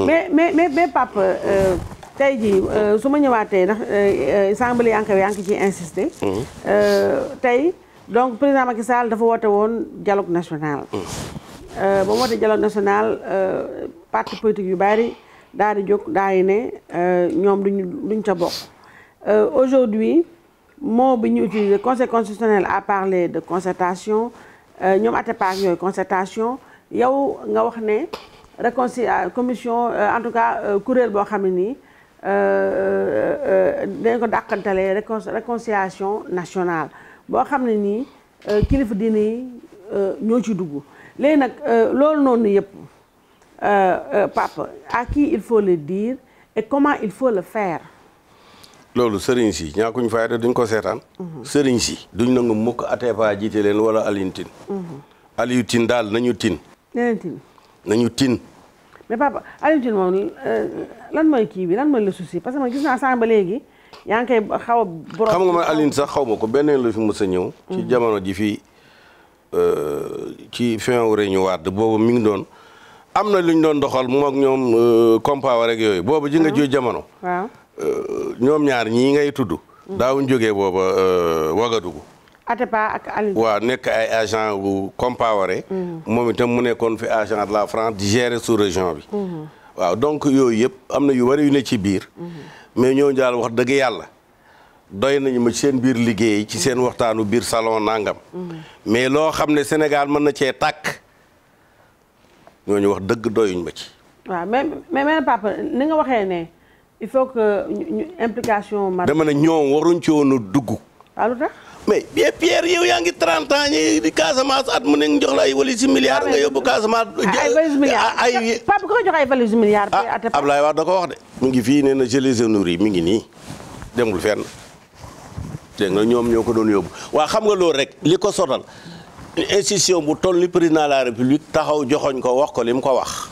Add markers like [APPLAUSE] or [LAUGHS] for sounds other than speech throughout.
Mm. mais mais mais mais Pape euh, tey jii euh, su ma ñëwaatee ndax euh, semble yaa ngi koy yaa ngi ciy insister. Mm. tey donc président Macky Sall dafa woote woon dialogue national. Mm. ba mu woote dialogue national parti politique yu bari daal di jóg daal di ne ñoom duñu duñ ca bokk. aujourd'hui mot bi ñu utiliser conseil constitutionnel à parler de concertation ñoom atepa ak yooyu concertation yow nga wax ne réconcilia euh, commission euh, en tout cas euh, kuréel boo xam ne euh, dañ ko dàqantalee réconciliation nationale bo xamni ni euh, kilifa diine euh, ñoo ci dugg léegi nag loolu noonu euh, papa à qui il faut le dire et comment il faut le faire. loolu serigne si ñaakuñ fayda duñ ko sétane mhm. serigne si duñ nang mukk Atepa jiite leen wala alintine Tine. Mhm. Aliou Tine daal nañu Tine. nañu tin. mais papa Alioune moom euh, lan mooy kii bi lan mooy le si parce que man gis naa sànq ba léegi yaa xaw a. xam nga ma Alioune sax xaw ma ko beneen la fi mës a ñëw. ci mhm. jamono ji fii euh, ci fin wu rek ñu waat boobu mi ngi doon. am na lu doon doxal mu ñoom euh, Compaoré rek yooyu boobu ji nga mhm. ji jamono. waaw ñoom ñaar ñii ngay tudd. Mhm. daawuñ jógee booba Wagadugu. Atepa ak Alioune. nekk ay agent bu Compaoré. Mm-hmm. moom itam mu nekkoon fi agent de la France di gérer sous région bi. Mm-hmm. waaw donc yooyu yëpp am na yu bari yu ne ci biir. Mm-hmm. mais ñoo daal wax dëgg yàlla. doy nañu ma seen biir liggéey ci seen waxtaanu biir salon nangam. mais loo xam ne Sénégal mën na cee tàkk. ñooñu wax dëgg doyuñ ma ci. waaw mais mais mais papa ni nga waxee ne il faut que ñu implication. dama ne ñoom waruñ ci woon a dugg. waaw lu tax. mais Pierre yow yaa ngi 30 ans ñi di Casamance at mu ne nga jox la ay valise milliards nga yóbbu Casamance. ay valise milliards ay papa ko jox ay valise milliards. ah Ablaye Wade da ko wax de. mu ngi fii nee na je les nourris mi ngi nii demul fenn dégg nga ñoom ñoo ko doon yóbbu xam nga loolu rek li sotal institution bu toll président de la république taxaw joxoñ ko wax ko li ko wax.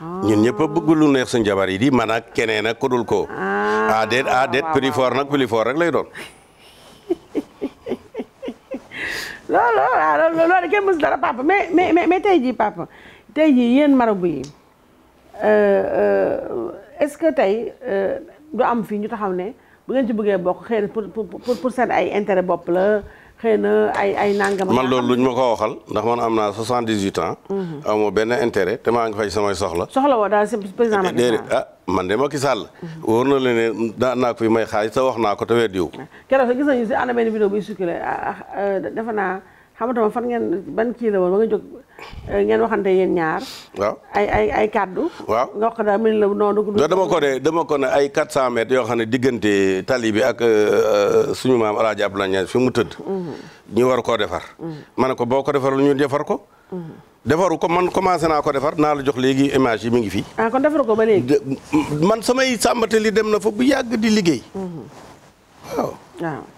ñun ñëpp a bëgg lu neex suñu jabar yi di man ak keneen ak ku dul ko. ah, ah déet ah plus fort nag plus fort rek lay doon. [LAUGHS] loolu waaw ah, loolu loolu kenn mës dara papa mais mais mais tey jii papa tey jii yéen marabu yi euh, euh, est-ce que tey euh, du am fii ñu taxaw ne bu ngeen ci bëggee bokk xëy na pour pour seen ay intérêt bopp la. xëy na ay ay nangam. man loolu luñ ma ko waxal ndax man am naa soixante-dix-huit ans. Mhm. amoo benn intérêt te maa ngi fay samay soxla. soxla woo daal si président Macky Sall ah man de Macky Sall. Mhm. wóor na la ne daan naa ko fi may xaalis te wax naa ko te weddiwu. keroog gis nañu si ana benn vidéo buy circulé ah, ah, euh, defe naa. xamatuma fan ngeen ban kii la woon ba nga jóg eh, ngeen waxante yéen ñaar. waaw ay ay ay kaddu. waaw nga wax ko daal mën la noonu. ko ne dama ko ne ay 400 mètres yoo xam ne diggante tali bi ak eh, suñu maam El Hadj Abdoulaye fi mu tëdd. Mm-hmm. ñu war koo defar. Mm-hmm. ma ne ko boo ko defarul ñu defar ko. Mm-hmm. defaru ko man commencé naa ko defar naa la jox léegi image yi mi ngi fii. ah kon defaru ko ba léegi. man samay sàmbatali dem na fa bu yàgg di liggéey. waaw.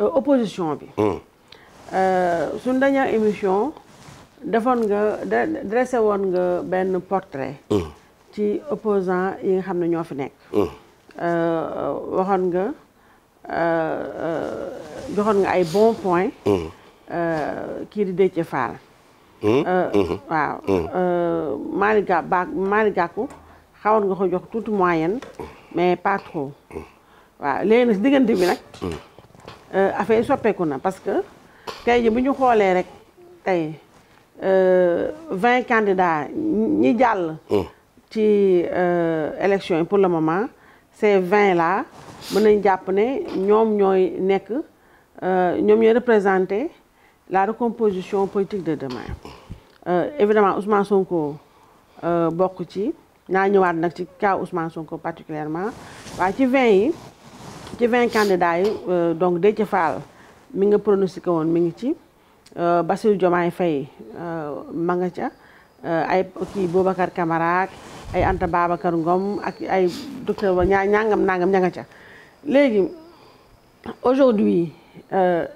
Euh, opposition bi. Hum. euh suñ dañoo émission defoon nga dressé won nga ben portrait. Hum. ci opposant yi nga xam ne nek fi nekk. Hum. Euh, waxoon nga euh, joxon nga ay bons points. euh ki di Déthié Fall. waaw. euh malika ba malika ko xawon nga ko jox toute moyenne mais pas trop. waaw léegi nag diggante bi nag. Euh, affaire yi soppeeku na parce que tey on a ñu xoolee rek euh, candidats ñi jall oh. ci euh, élection pour le moment ces 20 là mënañ japp né ne ñoy euh ñom ñoy représenter la recomposition politique de demain. évidemment Ousmane Sonko bokku ci na ñëwaat nak ci cas Ousmane Sonko particulièrement wa ci 20 yi. ci vingt candidats yi euh, donc Déthié Fall mi nga pronostiqué woon mi ngi ci euh, Bassirou Diomaye Faye euh, ma nga ca ay kii Boubacar Camara ay Anta Babacar Ngom ak ay docteur wa ñaa ñangam nangam ña nga ca léegi aujourd'hui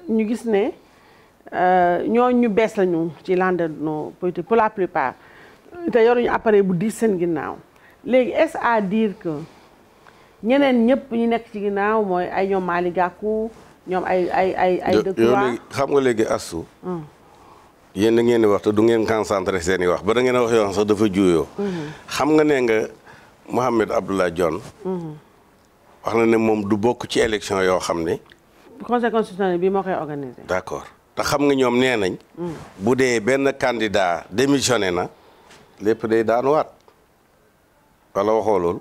ñu gis ne ñoo ñu bees lañu ci lande no politique pour la plupart te yoruñu appareil bu diis seen ginnaaw léegi est-ce à dire ñeneen ñëpp ñu nekk ci ginnaaw mooy ay ñoom Mali Gakou ñoom ay ay ay ay xam nga léegi astu hmm. yéen da ngeen di wax du ngeen concentré seen i wax ba da ngeen wax yoon sax dafa juuyoo hmm. xam nga ne nga Mohamed Abdallah Dionne hmm. wax na ne moom du bokk ci élection yoo xam ne conseil constitutionnel bi moo koy organisé d' accord te xam nga ñoom nee nañ bu dee benn candidat démissionné na lépp day daanuwaat wala waxoo loolu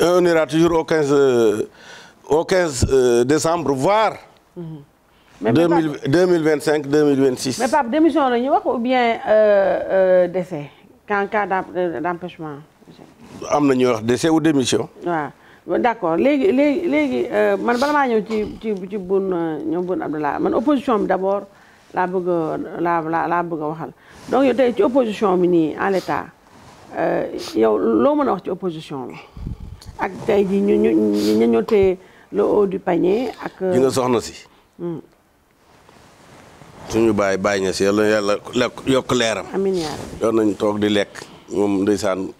on ira toujours au 15, euh, au 15 euh, décembre, voire 2025, 2026. Mais pape, démission, ou bien euh, euh décès, en cas d'empêchement Am décès ou démission d'accord Les les les, man bala maa ñëw ci ci ci man opposition d'abord la bëgg la la la a une donc opposition à en l'état Il y y a wax opposition ak tey ji ñu ak. soxna si. Hmm. suñu bàyyi bàyyi na si yàlla yokk leeram. amiin yaa rabbi toog di lekk moom ndeysaan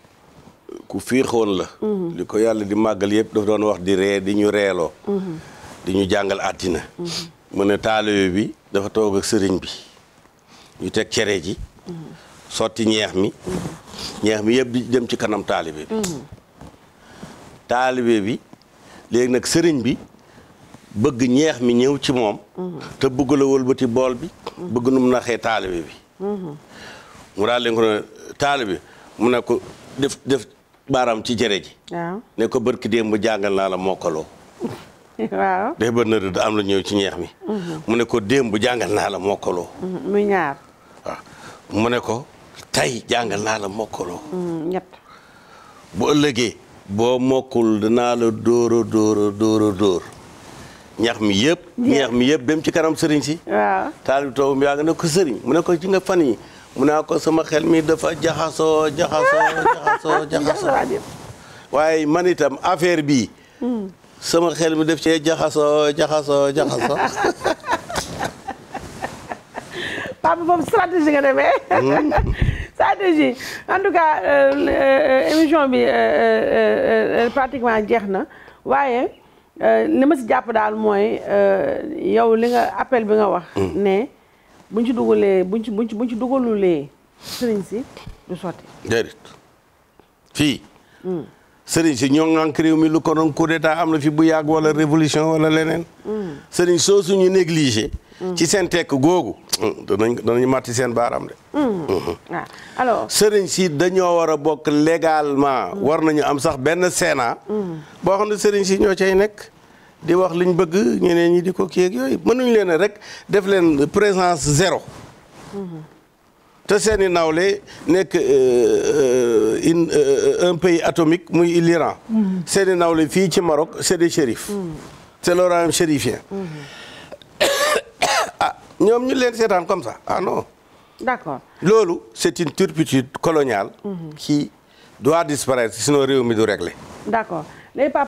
ku fiixoon la. Hmm. li ko yàlla di màggal yëpp daf doon wax di ree di ñu reeloo. Hmm. di ñu jàngal àddina. mu ne taalibe bi dafa toog ak sëriñ bi ñu teg cere ji. sotti ñeex mi. ñeex mi yëpp di dem ci kanam taalibe bi. taalibe bi léegi nag sëriñ bi bëgg ñeex mi ñëw ci moom te bëgg la wëlbati bool bi bëgg nu mu naxee taalibe bi mu daal leen ko ne taalibe mu ne ko def def baaraam ci jere ji ne ko bërki démb jàngal naa la mokkaloo [LAUGHS] waaw day bër na am la ñëw ci ñeex mi mhm. mu ne ko démb jàngal naa la mokkaloo mhm. muy ñaar mu ne ko tey jàngal naa la mokkaloo mhm. bu ëllëgee boo mokkul dinaa la dóor a dóor dóor ñax mi yëpp ñax mi yëpp dem ci kanam sëriñ si waaw taal bi toog mu yàgg ne ko sëriñ mu ne ko ci fan yi mu ne ko sama xel mi dafa jaxasoo jaxasoo [LAUGHS] jaxasoo jaxasoo waaye man itam affaire bii hmm. sama xel mi def cee jaxasoo jaxasoo jaxasoo [LAUGHS] [LAUGHS] stratégie en tout cas euh, euh, émission bi euh, pratiquement jeex na waaye li ma si jàpp daal mooy yow li nga appel bi nga wax. Mm. ne buñ ci dugalee buñ ci buñ ci buñ ci dugalulee sëriñ si du sotti. déedéet fii. Mm. sëriñ si ñoo ŋànk mi lu ko doon coup d'état am na fi bu yàgg wala révolution wala leneen. sëriñ soo suñu négligé. ci seen tekk googu. danañ danañ màtti seen baaraam de. waaw mm. ah. alors. sëriñ si dañoo war a bokk légalement. war nañu am sax benn seenaa boo xam ne sëriñ si ñoo cay nekk. di wax liñ bëgg ñeneen ñi di ko kii ak yooyu mënuñ leen rek def leen présence zéro. cest nawle euh, euh, euh, un pays atomique C'est l'Iran seeni nawle fii ci Maroc c'est des shérifs c'est le royaume Nous, Nous nous ñu leen comme ça ah non d'accord Lolo, c'est une turpitude coloniale mhm. qui doit disparaître sinon nous du régler d'accord